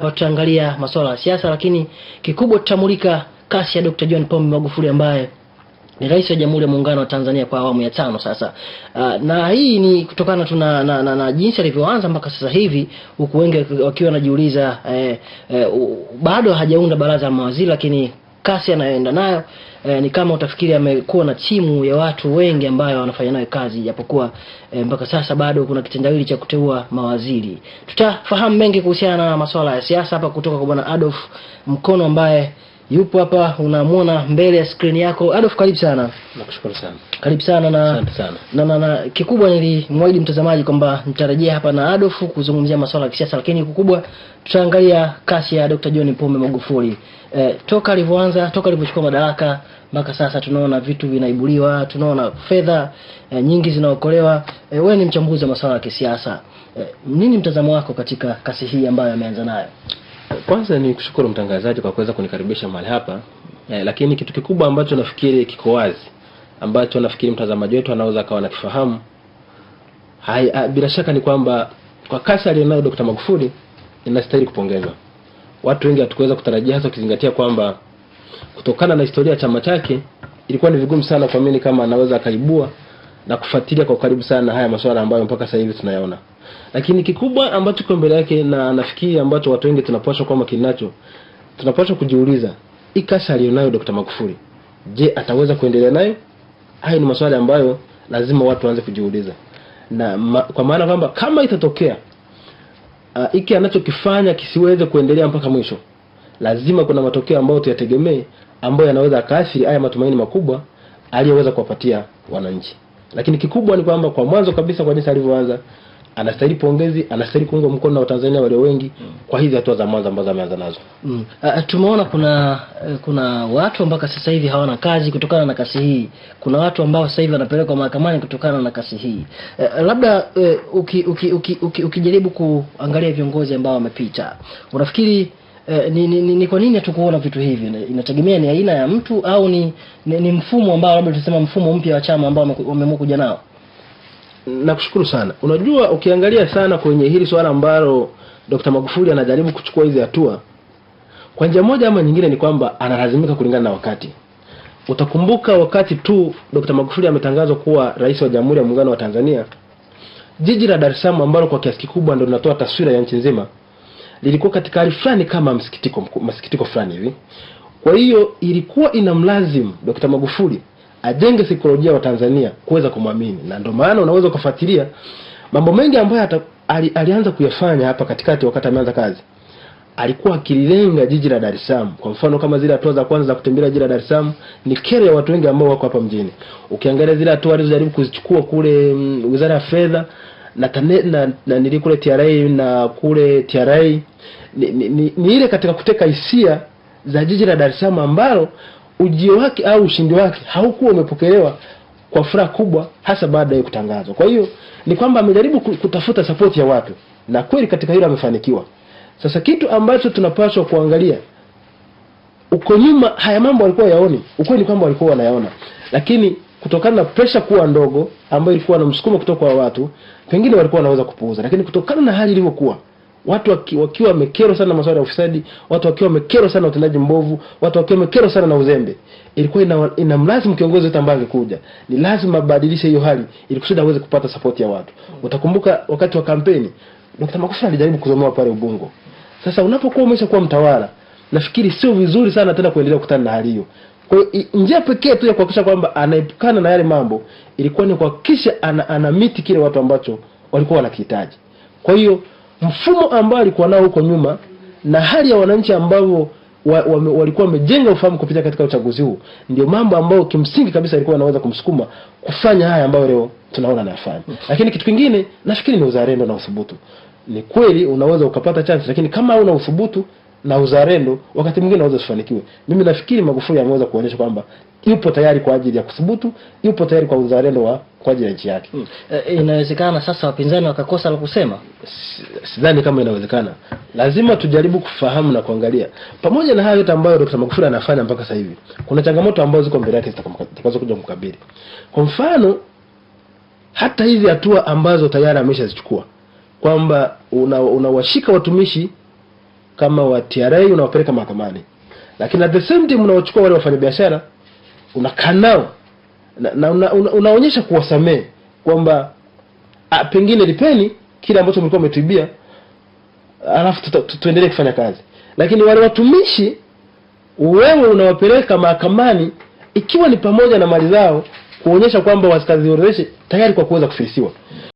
Tutaangalia masuala ya siasa, lakini kikubwa tutamulika kasi ya Dr. John Pombe Magufuli ambaye ni rais wa Jamhuri ya Muungano wa Tanzania kwa awamu ya tano sasa. Uh, na hii ni kutokana tu na, na, na, na jinsi alivyoanza mpaka sasa hivi, huku wengi wakiwa wanajiuliza eh, eh, bado hajaunda baraza la mawaziri, lakini kasi anayoenda nayo e, ni kama utafikiri amekuwa na timu ya watu wengi ambayo wanafanya nayo kazi, japokuwa e, mpaka sasa bado kuna kitendawili cha kuteua mawaziri. Tutafahamu mengi kuhusiana na masuala ya siasa hapa kutoka kwa Bwana Adolf Mkono ambaye yupo hapa unamwona mbele ya skrini yako Adolf, karibu sana. Nakushukuru sana, karibu sana na, sana. Na, na, na kikubwa nilimwahidi mtazamaji kwamba nitarejea hapa na Adolf kuzungumzia masuala ya kisiasa, lakini kikubwa tutaangalia kasi ya Dr. John Pombe Magufuli e, toka alivyoanza, toka alivyochukua madaraka mpaka sasa tunaona vitu vinaibuliwa, tunaona fedha e, nyingi zinaokolewa. Eh, wewe ni mchambuzi wa masuala ya kisiasa e, nini mtazamo wako katika kasi hii ambayo ameanza nayo? Kwanza ni kushukuru mtangazaji kwa kuweza kunikaribisha mahali hapa eh, lakini kitu kikubwa ambacho nafikiri kiko wazi ambacho nafikiri mtazamaji wetu anaweza akawa nakifahamu ah, bila shaka ni kwamba kwa kasi aliyonayo dr Magufuli inastahili kupongezwa. Watu wengi hatukuweza kutarajia, hasa ukizingatia kwamba kutokana na historia ya chama chake ilikuwa ni vigumu sana kuamini kama anaweza akaibua na kufuatilia kwa ukaribu sana haya masuala ambayo mpaka sasa hivi tunayaona. Lakini kikubwa ambacho kiko mbele yake na nafikiri ambacho watu wengi tunapaswa kwa makini nacho, tunapaswa kujiuliza hii kasha aliyonayo Dr. Magufuli, je, ataweza kuendelea nayo? Hayo ni maswali ambayo lazima watu waanze kujiuliza, na ma, kwa maana kwamba kama itatokea ah, hiki uh, anachokifanya kisiweze kuendelea mpaka mwisho, lazima kuna matokeo ambayo tuyategemee ambayo yanaweza akaathiri haya matumaini makubwa aliyoweza kuwapatia wananchi. Lakini kikubwa ni kwamba kwa mwanzo kabisa, kwa jinsi alivyoanza anastahili pongezi, anastahili kuungwa mkono na Watanzania walio wengi kwa hizi hatua za mwanzo ambazo ameanza nazo. Mm. Uh, tumeona kuna uh, kuna watu ambao sasa hivi hawana kazi kutokana na kasi hii. Kuna watu ambao sasa hivi wanapelekwa mahakamani kutokana na kasi hii. Uh, labda uh, eh, ukijaribu uki, uki, uki, uki kuangalia viongozi ambao wamepita, unafikiri uh, ni, ni, ni, ni kwa nini hatukuona vitu hivi? Inategemea ni aina ya mtu au ni, ni, ni mfumo ambao labda tusema mfumo mpya wa chama ambao wameamua kuja nao nakushukuru sana. Unajua, ukiangalia sana kwenye hili swala ambalo dkt Magufuli anajaribu kuchukua hizi hatua, kwa njia moja ama nyingine ni kwamba analazimika kulingana na wakati. Utakumbuka wakati tu d Magufuli ametangazwa kuwa rais wa Jamhuri ya Muungano wa Tanzania, jiji la Dar Salaam ambalo kwa kiasi kikubwa ndo linatoa taswira ya nchi nzima lilikuwa katika hali fulani kama msikitiko, msikitiko fulani hivi. Kwa hiyo ilikuwa inamlazimu Dr. Magufuli ajenge saikolojia wa Tanzania kuweza kumwamini, na ndio maana unaweza ukafuatilia mambo mengi ambayo ali, alianza kuyafanya hapa katikati wakati ameanza kazi alikuwa akilenga jiji la Dar es Salaam. Kwa mfano kama zile hatua za kwanza za kutembelea jiji la Dar es Salaam ni kero ya watu wengi ambao wako hapa mjini. Ukiangalia zile hatua alizojaribu kuzichukua kule mm, Wizara ya Fedha na, tane, na, na nili kule TRA na kule TRA ni, ni, ni, ni ile katika kuteka hisia za jiji la Dar es Salaam ambalo ujio wake au ushindi wake haukuwa umepokelewa kwa furaha kubwa, hasa baada ya kutangazwa. Kwa hiyo ni kwamba amejaribu kutafuta sapoti ya watu na kweli katika hilo amefanikiwa. Sasa kitu ambacho tunapaswa kuangalia uko nyuma, haya mambo walikuwa yaoni. Ukweli ni kwamba walikuwa wanayaona, lakini kutokana na pressure kuwa ndogo ambayo ilikuwa na msukumo kutoka kwa watu, pengine walikuwa wanaweza kupuuza, lakini kutokana na hali ilivyokuwa watu wakiwa wamekerwa sana na masuala ya ufisadi, watu wakiwa wamekerwa sana na utendaji mbovu, watu wakiwa wamekerwa sana na uzembe, ilikuwa ina, ina mlazimu kiongozi yote ambaye angekuja ni lazima abadilishe hiyo hali ili kusudi aweze kupata sapoti ya watu. Utakumbuka wakati wa kampeni Dr. Magufuli alijaribu kuzomewa pale Ubungo. Sasa unapokuwa umeshakuwa mtawala, nafikiri sio vizuri sana tena kuendelea kukutana na hali hiyo. Kwa njia pekee tu ya kuhakikisha kwamba anaepukana na yale mambo ilikuwa ni kuhakikisha ana, ana miti kile watu ambacho walikuwa wanakihitaji. Kwa hiyo mfumo ambao alikuwa nao huko nyuma na hali ya wananchi ambao wa, wa, walikuwa wamejenga ufahamu kupitia katika uchaguzi huu, ndio mambo ambayo kimsingi kabisa alikuwa anaweza kumsukuma kufanya haya ambayo leo tunaona anayafanya. Mm. Lakini kitu kingine nafikiri ni uzalendo na uthubutu. Ni kweli unaweza ukapata chance, lakini kama una uthubutu na uzalendo, wakati mwingine waweza kufanikiwa. Mimi nafikiri Magufuli ameweza kuonyesha kwamba yupo tayari kwa ajili ya kuthubutu, yupo tayari kwa uzalendo wa kwa ajili ya nchi yake. Hmm. E, inawezekana sasa wapinzani wakakosa la kusema? Sidhani kama inawezekana. Lazima tujaribu kufahamu na kuangalia. Pamoja na hayo yote ambayo Dr. Magufuli anafanya mpaka sasa hivi, kuna changamoto ambazo ziko mbele yake zitakazo kuja kumkabili. Kwa mfano, hata hizi hatua ambazo tayari ameshazichukua kwamba unawashika una watumishi kama wa TRA unawapeleka mahakamani, lakini at the same time unawachukua wale wafanyabiashara unakaa nao na, na una, una, unaonyesha kuwasamehe kwamba ah, pengine lipeni kile ambacho mlikuwa umetibia, alafu tuendelee kufanya kazi. Lakini wale watumishi wewe unawapeleka mahakamani, ikiwa ni pamoja na mali zao, kuonyesha kwamba wasikaziorodheshe tayari kwa kuweza kufilisiwa.